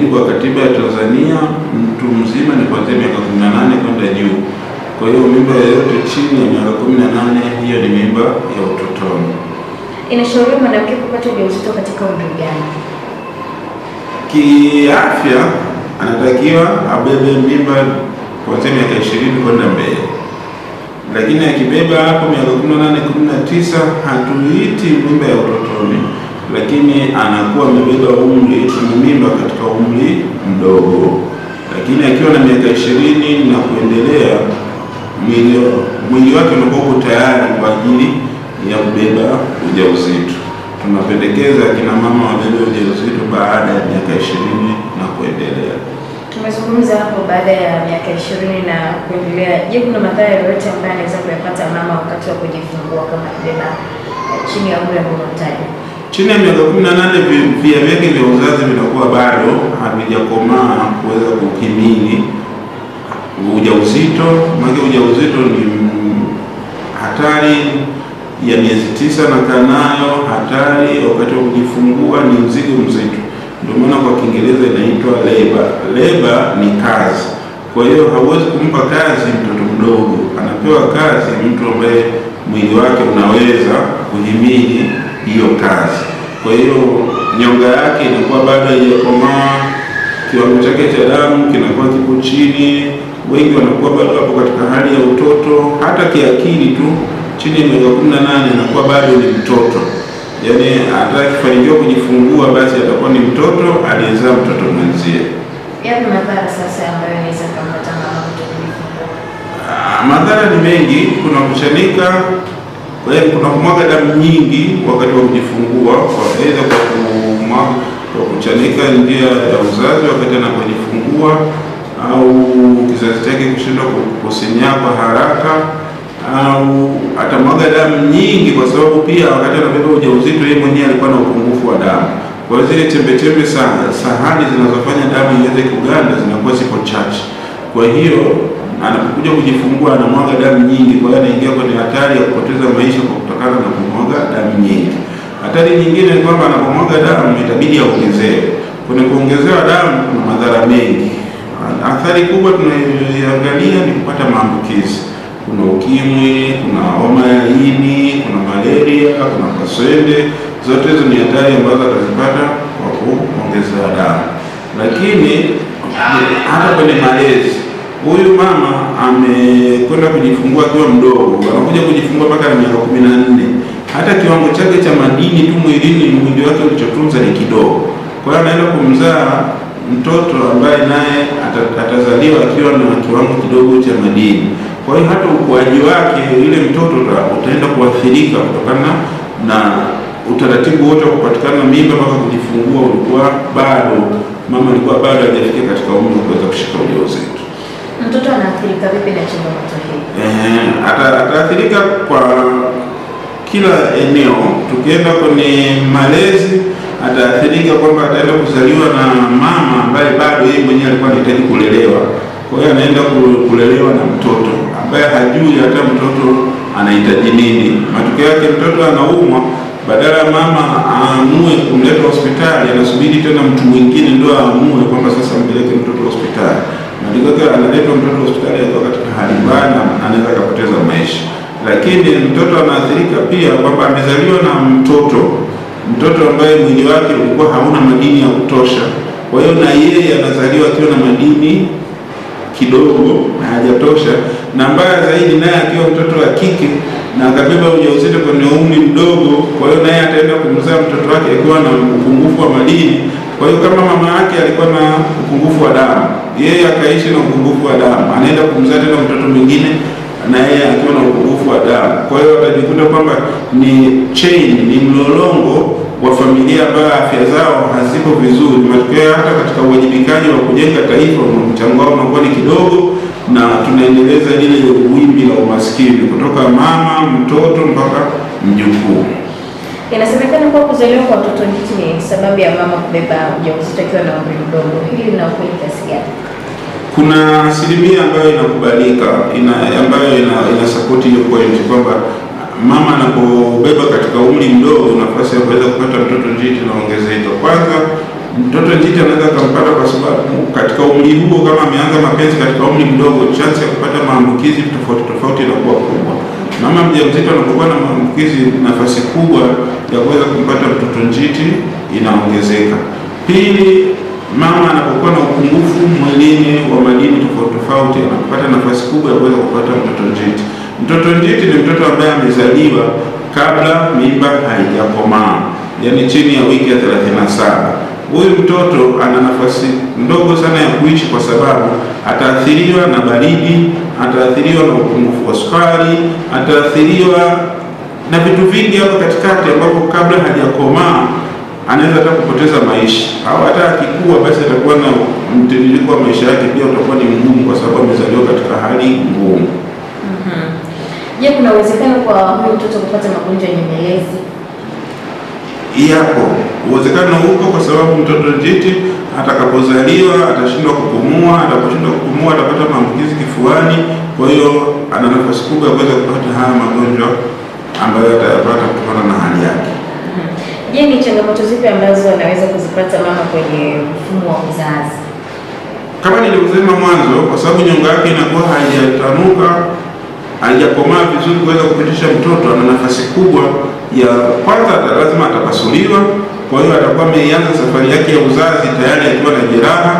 mujibu wa katiba ya Tanzania mtu mzima ni kuanzia miaka 18 kwenda juu. Kwa hiyo mimba yoyote chini ya miaka 18 hiyo ni mimba ya utotoni. Inashauriwa mwanamke kupata ujauzito katika umri gani? Kiafya anatakiwa abebe mimba kuanzia miaka 20 kwenda mbele, lakini akibeba hapo miaka 18 19 hatuiti mimba ya utotoni lakini anakuwa amebeba umri mimba katika umri mdogo, lakini akiwa na miaka ishirini na kuendelea, mwili wake unakuwa uko tayari kwa ajili ya kubeba ujauzito. Tunapendekeza akina mama wabebe ujauzito baada ya miaka ishirini na kuendelea. Tumezungumza hapo baada ya miaka ishirini na kuendelea. Je, kuna madhara yoyote ambayo anaweza kuyapata mama wakati wa kujifungua kama kubeba eh, chini ya umri ambao unataja? Chini ya miaka 18 via vingi vya uzazi vinakuwa bado havijakomaa kuweza kukimini ujauzito. Maana ujauzito ni hatari ya miezi tisa na kanayo, hatari wakati wa kujifungua, ni mzigo mzito. Ndio maana kwa Kiingereza inaitwa labor. Labor ni kazi, kwa hiyo hauwezi kumpa kazi mtoto mdogo, anapewa kazi mtu ambaye mwili wake unaweza kuhimili hiyo kazi. Kwa hiyo nyonga yake inakuwa bado haijakomaa, kiwango chake cha damu kinakuwa kipo chini, wengi wanakuwa bado hapo katika hali ya utoto, hata kiakili tu chini ya miaka kumi na nane anakuwa bado ni mtoto, yaani hata akifanikiwa kujifungua basi atakuwa ni mtoto aliyezaa mtoto mwenzie. Ah, madhara ni mengi, kuna kuchanika kwa hiyo kuna kumwaga damu nyingi wakati wa kujifungua, kwa aidha kwa kuchanika njia ya uzazi wakati anapojifungua, au kizazi chake kushindwa kusinyaa kwa haraka, au atamwaga damu nyingi kwa sababu pia wakati anabeba ujauzito yeye mwenyewe alikuwa na upungufu wa damu. Kwa hiyo zile chembechembe sahani zinazofanya damu iweze kuganda zinakuwa ziko chache, kwa hiyo anapokuja kujifungua anamwaga damu nyingi, kwa hiyo anaingia kwenye hatari ya kupoteza maisha kwa kutokana na kumwaga damu nyingi. Hatari nyingine ni kwamba anapomwaga damu itabidi aongezewe. Kwenye kuongezewa damu kuna madhara mengi. Athari kubwa tunayoiangalia ni kupata maambukizi. Kuna ukimwi, kuna homa ya ini, kuna malaria, kuna kaswende. Zote hizo ni hatari ambazo atazipata kwa kuongezewa damu, lakini hata kwenye malezi Huyu mama amekwenda kujifungua akiwa mdogo, anakuja kujifungua mpaka na miaka kumi na nne. Hata kiwango chake cha madini tu mwilini, mwili wake ulichotunza ni kidogo. Kwa hiyo anaenda kumzaa mtoto ambaye naye atazaliwa akiwa na kiwango kidogo cha madini. Kwa hiyo hata ukuaji wake ile mtoto utaenda kuathirika kutokana na utaratibu wote wa kupatikana mimba mpaka kujifungua ulikuwa bado, mama alikuwa bado hajafikia katika umri wa kuweza kushika ujauzito. Mtoto anaathirika vipi na changamoto hii? Eh, ataathirika kwa kila eneo. Tukienda kwenye malezi, ataathirika kwamba ataenda kuzaliwa na mama ambaye bado yeye mwenyewe alikuwa anahitaji kulelewa. Kwa hiyo anaenda kulelewa na mtoto ambaye hajui hata mtoto anahitaji nini. Matokeo yake mtoto anaumwa, badala ya mama aamue kumleta hospitali, anasubiri tena mtu mwingine ndio aamue kwamba sasa mpeleke mtoto hospitali. Matokeo analetwa mtoto hospitali akiwa katika hali mbaya na anaweza akapoteza maisha. Lakini mtoto anaathirika pia kwamba amezaliwa na mtoto mtoto ambaye mwili wake ulikuwa hauna madini ya kutosha, kwa hiyo na yeye anazaliwa akiwa na madini kidogo hajatosha, na mbaya zaidi naye akiwa mtoto wa kike na akabeba ujauzito kwenye umri mdogo, kwa hiyo naye ataenda kumzaa mtoto wake akiwa na upungufu wa madini. Kwa hiyo kama mama yake alikuwa na upungufu wa damu yeye akaishi na upungufu wa damu, anaenda kumzaa tena mtoto mwingine na yeye akiwa na upungufu wa damu. Kwa hiyo atajikuta kwamba ni chain, ni mlolongo wa familia ambayo afya zao haziko vizuri. Matokeo hata katika uwajibikaji wa kujenga taifa, mchango wao unakuwa ni kidogo, na tunaendeleza lile wimbi la umaskini kutoka mama mtoto mpaka mjukuu. Inasemekana kuwa kuzaliwa kwa watoto njiti ni sababu ya mama kubeba ujauzito akiwa na umri mdogo. Hili lina ukweli kiasi gani? Kuna asilimia ambayo inakubalika ina, ambayo ina, ina support hiyo point kwamba mama anapobeba katika umri mdogo, nafasi ya kuweza kupata mtoto njiti inaongezeka. Kwanza mtoto njiti anaweza akampata kwa sababu katika umri huo, kama ameanza mapenzi katika umri mdogo, chansi ya kupata maambukizi tofauti tofauti inakuwa kubwa. Mama mjamzito anapokuwa na maambukizi, nafasi kubwa ya kuweza kumpata mtoto njiti inaongezeka. Pili, mama anapokuwa na upungufu mwilini wa madini tofauti tofauti, anapata nafasi kubwa ya kuweza kupata mtoto njiti. Mtoto njiti ni mtoto ambaye amezaliwa kabla mimba haijakomaa, yani chini ya wiki ya 37. Huyu mtoto ana nafasi ndogo sana ya kuishi, kwa sababu ataathiriwa na baridi, ataathiriwa na upungufu wa sukari, ataathiriwa na vitu vingi hapo katikati ambapo kabla hajakomaa anaweza hata kupoteza maisha au hata akikua basi atakuwa na mtiririko wa maisha yake pia utakuwa ni mgumu, kwa sababu amezaliwa katika hali ngumu. Mhm. Je, kuna uwezekano kwa huyu mtoto kupata magonjwa ya nyemelezi? Yapo uwezekano huko, kwa sababu mtoto njiti atakapozaliwa atashindwa kupumua, atakaposhindwa kupumua atapata maambukizi kifuani, kwa hiyo ana nafasi kubwa ya kuweza kupata haya magonjwa ambayo atayapata kutokana na hali yake. Mm-hmm. Je, ni changamoto zipi ambazo anaweza kuzipata mama kwenye mfumo wa uzazi? Kama nilivyosema mwanzo, kwa sababu nyonga yake inakuwa haijatanuka, haijakomaa vizuri kuweza kupitisha mtoto, ana nafasi kubwa ya kwanza, lazima atapasuliwa. Kwa hiyo atakuwa ameianza safari yake ya uzazi tayari akiwa na jeraha,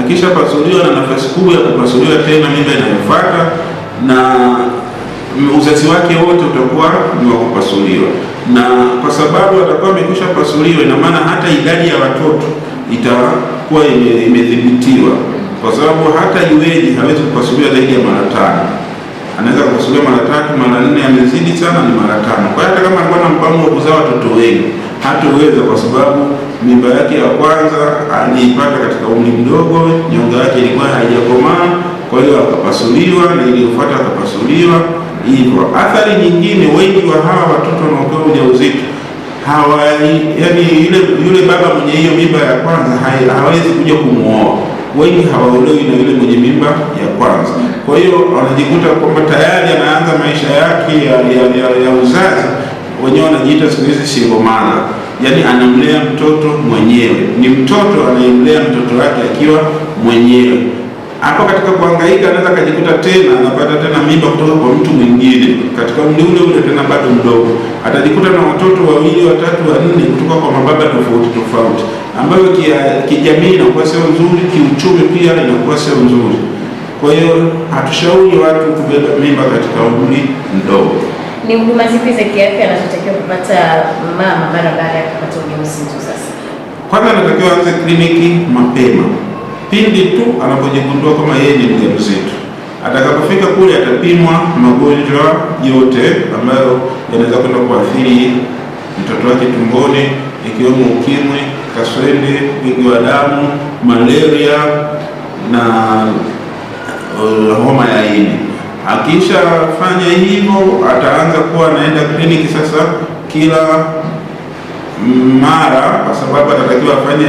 akishapasuliwa na nafasi kubwa ya kupasuliwa tena mimba inayofuata na uzazi wake wote utakuwa ni wa kupasuliwa, na kwa sababu atakuwa amekwisha pasuliwa, ina maana hata idadi ya watoto itakuwa imedhibitiwa, kwa sababu hata iweji hawezi kupasuliwa zaidi ya mara tano anaweza kupasuliwa mara tatu, mara nne, amezidi sana ni mara tano. Kwa hata kama alikuwa na mpango wa kuzaa watoto wengi hatoweza, kwa sababu mimba yake ya kwanza aliipata katika umri mdogo, nyonga yake ilikuwa haijakomaa, kwa hiyo akapasuliwa, na iliyofuata akapasuliwa hivyo. Athari nyingine, wengi wa hawa watoto wanaopewa ujauzito hawa yani, yule yule baba mwenye hiyo mimba ya kwanza hawezi kuja kumwoa. Wengi hawaolewi na yule mwenye mimba ya kwanza, kwa hiyo wanajikuta kwamba tayari anaanza maisha yake ya, ya, ya, ya uzazi wenyewe wanajiita siku hizi single mama, yani anamlea mtoto mwenyewe, ni mtoto anayemlea mtoto wake akiwa mwenyewe hapo katika kuhangaika anaweza akajikuta tena anapata tena mimba kutoka kwa mtu mwingine katika umri ule ule, tena bado mdogo. Atajikuta na watoto wawili watatu wanne kutoka kwa mababa tofauti tofauti, ambayo kijamii inakuwa sio nzuri, kiuchumi pia inakuwa sio nzuri. Kwa hiyo hatushauri watu kubeba mimba katika umri mdogo. Ni huduma zipi za kiafya anazotakiwa kupata mama mara baada ya kupata ujauzito? Sasa kwanza anatakiwa aanze kliniki mapema pindi tu anapojigundua kama yeye ni mjamzito. Atakapofika kule atapimwa magonjwa yote ambayo yanaweza kwenda kuathiri mtoto wake tumboni, ikiwemo ukimwi, kaswende, wingi wa damu, malaria na uh, homa ya ini. Akishafanya hivyo, ataanza kuwa anaenda kliniki sasa kila mara, kwa sababu atatakiwa afanye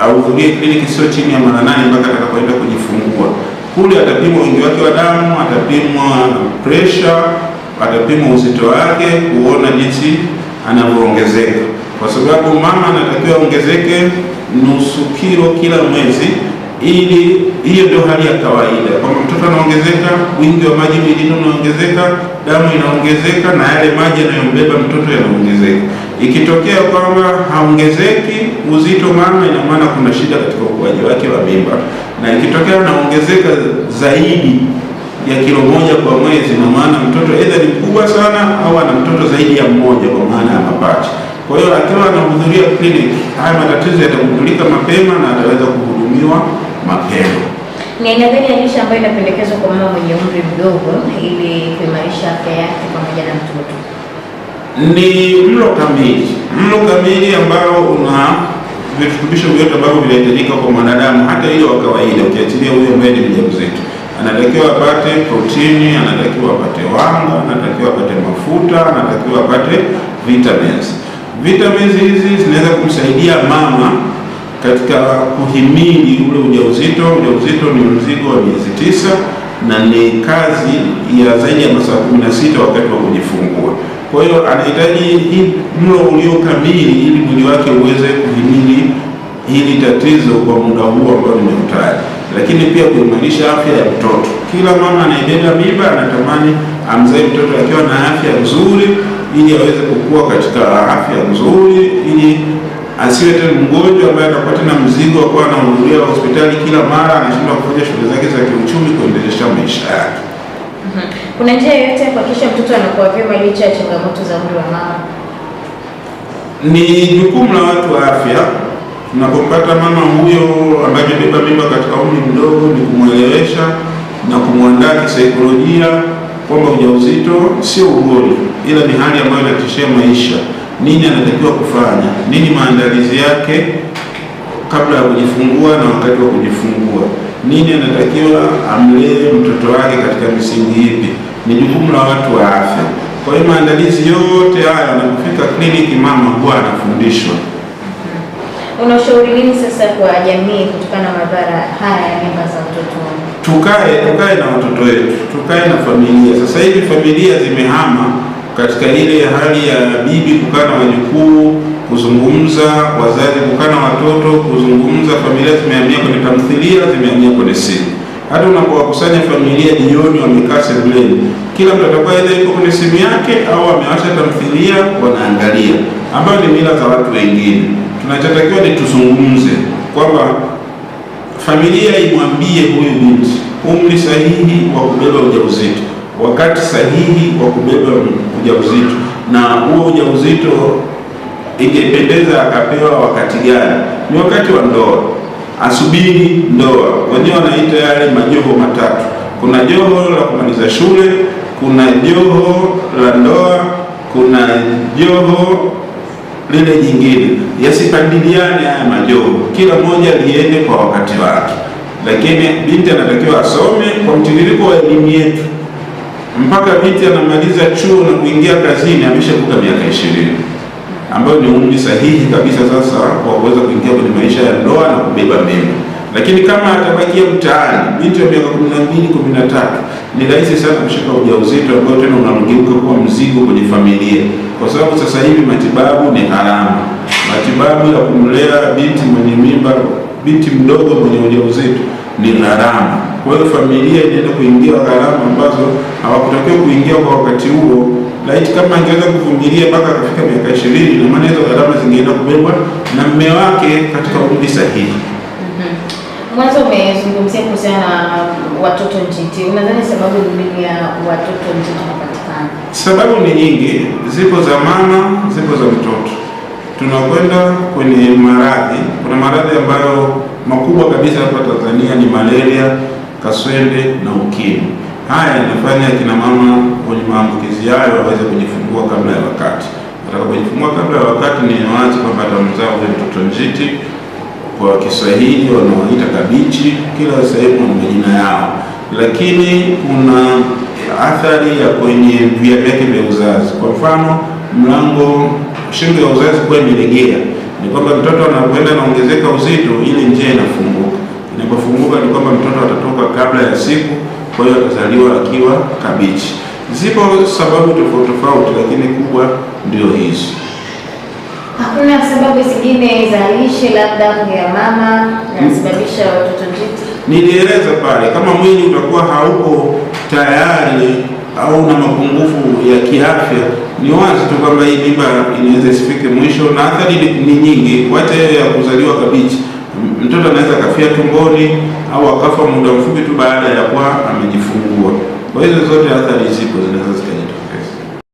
ahudhurie kliniki sio chini ya mara nane mpaka atakapoenda kujifungua. Kule atapimwa wingi wake wa damu, atapimwa pressure, atapimwa uzito wake, kuona jinsi anavyoongezeka, kwa sababu mama anatakiwa aongezeke nusu kilo kila mwezi ili hiyo ndio hali ya kawaida kwamba mtoto anaongezeka, wingi wa maji mwilini unaongezeka, damu inaongezeka, na yale maji yanayombeba mtoto yanaongezeka. Ikitokea kwamba haongezeki uzito mama, ina maana kuna shida katika ukuaji wake wa mimba, na ikitokea anaongezeka zaidi ya kilo moja kwa mwezi, na maana mtoto aidha ni mkubwa sana au ana mtoto zaidi ya mmoja, kwa maana ya mapacha. Kwa hiyo akiwa anahudhuria kliniki, haya matatizo yatagundulika mapema na ataweza kuhudumiwa mapema. Ni aina gani ya lishe ambayo inapendekezwa kwa mama mwenye umri mdogo ili kuimarisha afya yake pamoja na mtoto? Ni mlo kamili, mlo kamili ambao una virutubisho vyote ambavyo vinahitajika kwa mwanadamu, hata ile wa kawaida, ukiachilia huyo ambaye ni mjamzito anatakiwa apate protini, anatakiwa apate wanga, anatakiwa apate mafuta, anatakiwa apate vitamins. Vitamins hizi zinaweza kumsaidia mama katika kuhimili ule ujauzito. Ujauzito ni mzigo wa miezi tisa na ni kazi ya zaidi ya masaa sita wakati wa kujifungua. Kwa hiyo anahitaji mlo ulio kamili ili mwili wake uweze kuhimili hili tatizo kwa muda huu ambao nimeutaja, lakini pia kuimarisha afya ya mtoto. Kila mama anayebeba mimba anatamani amzae mtoto akiwa na afya nzuri, ili aweze kukua katika afya nzuri ili asiwe tena mgonjwa ambaye atakuwa tena mzigo wa kuwa anahudhuria hospitali kila mara, anashindwa kufanya shughuli zake za kiuchumi, kuendelesha maisha yake. Mhm. Kuna njia yoyote ya kuhakikisha mtoto anakuwa vyema licha ya changamoto za umri wa mama? Ni jukumu la watu wa afya tunapompata mama huyo ambaye amebeba mimba katika umri mdogo, ni kumwelewesha na kumwandaa kisaikolojia kwamba ujauzito sio ugonjwa, ila ni hali ambayo inatishia maisha nini anatakiwa kufanya, nini maandalizi yake kabla ya kujifungua na wakati wa kujifungua, nini anatakiwa amlee mtoto wake katika misingi ipi, ni jukumu la watu wa afya. Kwa hiyo maandalizi yote haya anapofika kliniki mama huwa anafundishwa. Unashauri nini sasa kwa jamii kutokana na madhara haya ya mimba za utotoni? Tukae tukae na watoto wetu, tukae na familia. Sasa hivi familia zimehama katika ile hali ya bibi kukaa na wajukuu, kuzungumza wazazi, kukaa na watoto, kuzungumza familia, zimeamia kwenye tamthilia, zimeamia kwenye simu. Hata unapowakusanya familia jioni, wamekaa sebuleni, kila mtu atakuwa aidha yuko kwenye simu yake au amewasha tamthilia, wanaangalia, ambayo ni mila za watu wengine. Tunachotakiwa ni tuzungumze kwamba familia imwambie huyu binti umri sahihi wa kubeba ujauzito, wakati sahihi wa kubeba ujauzito, na huo ujauzito ingependeza akapewa wakati gani? Ni wakati wa ndoa, asubiri ndoa. Wenyewe wanaita yale majoho matatu, kuna joho la kumaliza shule, kuna joho la ndoa, kuna joho lile jingine. Yasipandiliane haya majoho, kila mmoja liende kwa wakati wake, lakini binti anatakiwa asome kwa mtiririko wa elimu yetu mpaka binti anamaliza chuo na kuingia kazini ameshavuka miaka ishirini ambayo ni umri sahihi kabisa sasa kwa kuweza kuingia kwenye maisha ya ndoa na kubeba mimba. Lakini kama atabakia mtaani binti wa miaka kumi na mbili kumi na tatu ni rahisi sana kushika ujauzito ambao tena unamgeuka kuwa mzigo kwenye familia, kwa sababu sasa hivi matibabu ni gharama. Matibabu ya kumlea binti mwenye mimba, binti mdogo mwenye ujauzito ni gharama. Kwa hiyo familia inaenda kuingia gharama ambazo hawakutakiwa kuingia kwa wakati huo. Laiti kama angeweza kuvumilia mpaka akafika miaka ishirini, na maana hizo gharama zingeenda kubebwa na mme wake katika umri sahihi. Mhm. Mwanzo umezungumzia kuhusiana na watoto njiti. Unadhani sababu ni nini ya watoto njiti kupatikana? Sababu ni nyingi, zipo za mama, zipo za mtoto. Tunakwenda kwenye maradhi. Kuna maradhi ambayo makubwa kabisa hapa Tanzania ni malaria kaswende na ukimwi. Haya inafanya akina mama wenye maambukizi hayo waweze kujifungua kabla ya wakati. kujifungua kabla ya wakati, ni wazi kwamba atamzaa ule mtoto njiti, kwa Kiswahili wanaoita kabichi, kila sehemu na majina yao, lakini kuna athari ya kwenye via vyake vya uzazi. Kwa mfano, mlango shingo ya uzazi kuwa imelegea, ni kwamba mtoto anapoenda anaongezeka uzito, ile njia inafunguka kufunguka ni kwamba mtoto atatoka kabla ya siku, kwa hiyo atazaliwa akiwa kabichi. Zipo sababu tofauti tofauti, lakini kubwa ndio hizi. Hakuna sababu zingine za lishe, labda ya mama nasababisha hmm. watoto njiti. Nilieleza pale, kama mwili utakuwa hauko tayari au na mapungufu ya kiafya, ni wazi tu kwamba hii mimba inaweza isifike mwisho, na athari ni nyingi, wacha ya kuzaliwa kabichi mtoto anaweza akafia tumboni au akafa muda mfupi tu baada ya kuwa amejifungua. Kwa hizo zote athari zipo zinaweza zikajitokeza.